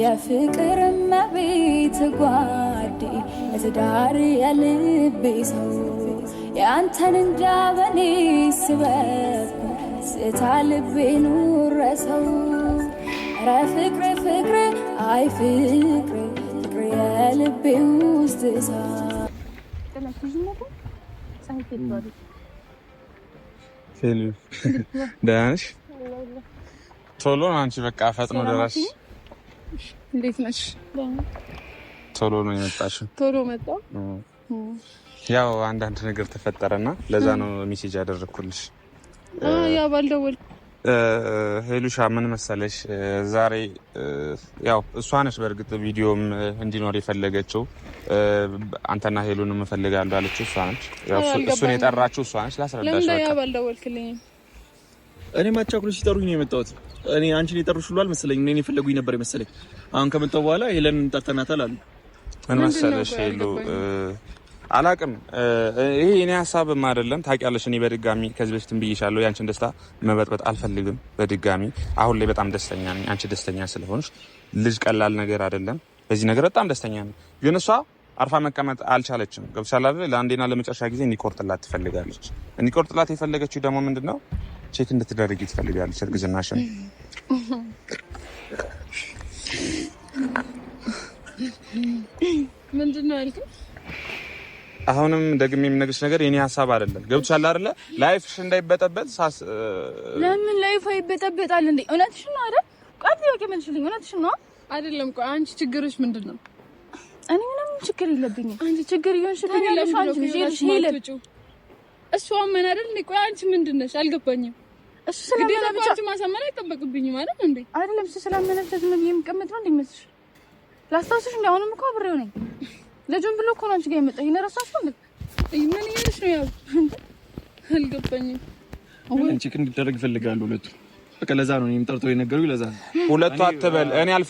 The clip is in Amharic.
የፍቅር መቤት ጓዴ ለትዳር የልቤ ሰው የአንተን እንዳበኔ ስበብ ስታ ልቤ ኑረሰው ረ ፍቅር ፍቅር አይ ፍቅር ፍቅር የልቤ ውስጥ ሳ ደህና ነሽ? ቶሎ አንቺ በቃ ፈጥኖ ደራሽ እንዴት ነሽ? ቶሎ ነው የመጣሽው? ቶሎ መጣ። ያው አንዳንድ ነገር ተፈጠረና ለዛ ነው ሜሴጅ ያደረግኩልሽ። ያ ባልደወል ሄሉሻ ምን መሰለሽ፣ ዛሬ ያው እሷ ነች በእርግጥ ቪዲዮም እንዲኖር የፈለገችው አንተና ሄሉንም እፈልጋለሁ አለችው እሷ ነች። እሱን የጠራችው እሷ ነች። ላስረዳሽ። ለምን ባልደወልክልኝ እኔ ማቻኩሎ ሲጠሩኝ ነው የመጣሁት። እኔ አንቺን የጠሩሽ ሁሉ አልመሰለኝም። እኔን የፈለጉኝ ነበር የመሰለኝ። አሁን ከመጣሁ በኋላ ሄለን ጠርተናታል አሉ። ምን መሰለሽ ሄሉ፣ አላቅም። ይሄ እኔ ሀሳብም አይደለም ታውቂያለሽ። እኔ በድጋሚ ከዚህ በፊት ብዬሻለሁ፣ የአንቺን ደስታ መበጥበጥ አልፈልግም። በድጋሚ አሁን ላይ በጣም ደስተኛ ነኝ። አንቺ ደስተኛ ስለሆንሽ ልጅ ቀላል ነገር አይደለም። በዚህ ነገር በጣም ደስተኛ ነኝ። ግን እሷ አርፋ መቀመጥ አልቻለችም። ገብቶሻል ለአንዴና ለመጨረሻ ጊዜ እንዲቆርጥላት ትፈልጋለች። እንዲቆርጥላት የፈለገችው ደግሞ ምንድን ነው ቼክ እንድትደረግ ትፈልጋለች እርግዝናሽን። ምንድን ነው ያልከው? አሁንም ደግሜ የምነግርሽ ነገር የኔ ሀሳብ አይደለም። ገብቶሻል አይደለ? ላይፍሽ እንዳይበጠበጥ ሳስ ለምን ላይፍ ይበጠበጣል እንዴ? እውነትሽን ነው አይደል? ቆይ ጥያቄ መልሽልኝ። እውነትሽን ነው አይደለም? ቆይ አንቺ ችግርሽ ምንድን ነው? እኔ ምንም ችግር የለብኝም። አንቺ ችግር ይሆንሽ ለምን እሱ አመን አይደል እንዴ? ቆይ አንቺ ምንድን ነሽ? አልገባኝም። እሱ ስላመነ ብቻ አንቺ ማሳመን አይጠበቅብኝም አይደል እንዴ? አይደለም እሱ ስላመነ ብቻ ዝም ብዬ የምቀመጥ ነው እንዴ መስሽ? ላስታውስሽ እንዴ? አሁንም እኮ አብሬው ነኝ። ልጁን ብሎ እኮ ነው አንቺ ጋር የመጣው። ይሄን ረሳሽ እንዴ? ምን እያልሽ ነው? ያው አልገባኝም። ወይ ቼክ እንዲደረግ እፈልጋለሁ። ሁለቱ በቃ ለዛ ነው እኔም ጠርቶ የነገሩኝ። ለዛ ሁለቱ አትበል እኔ አልፈ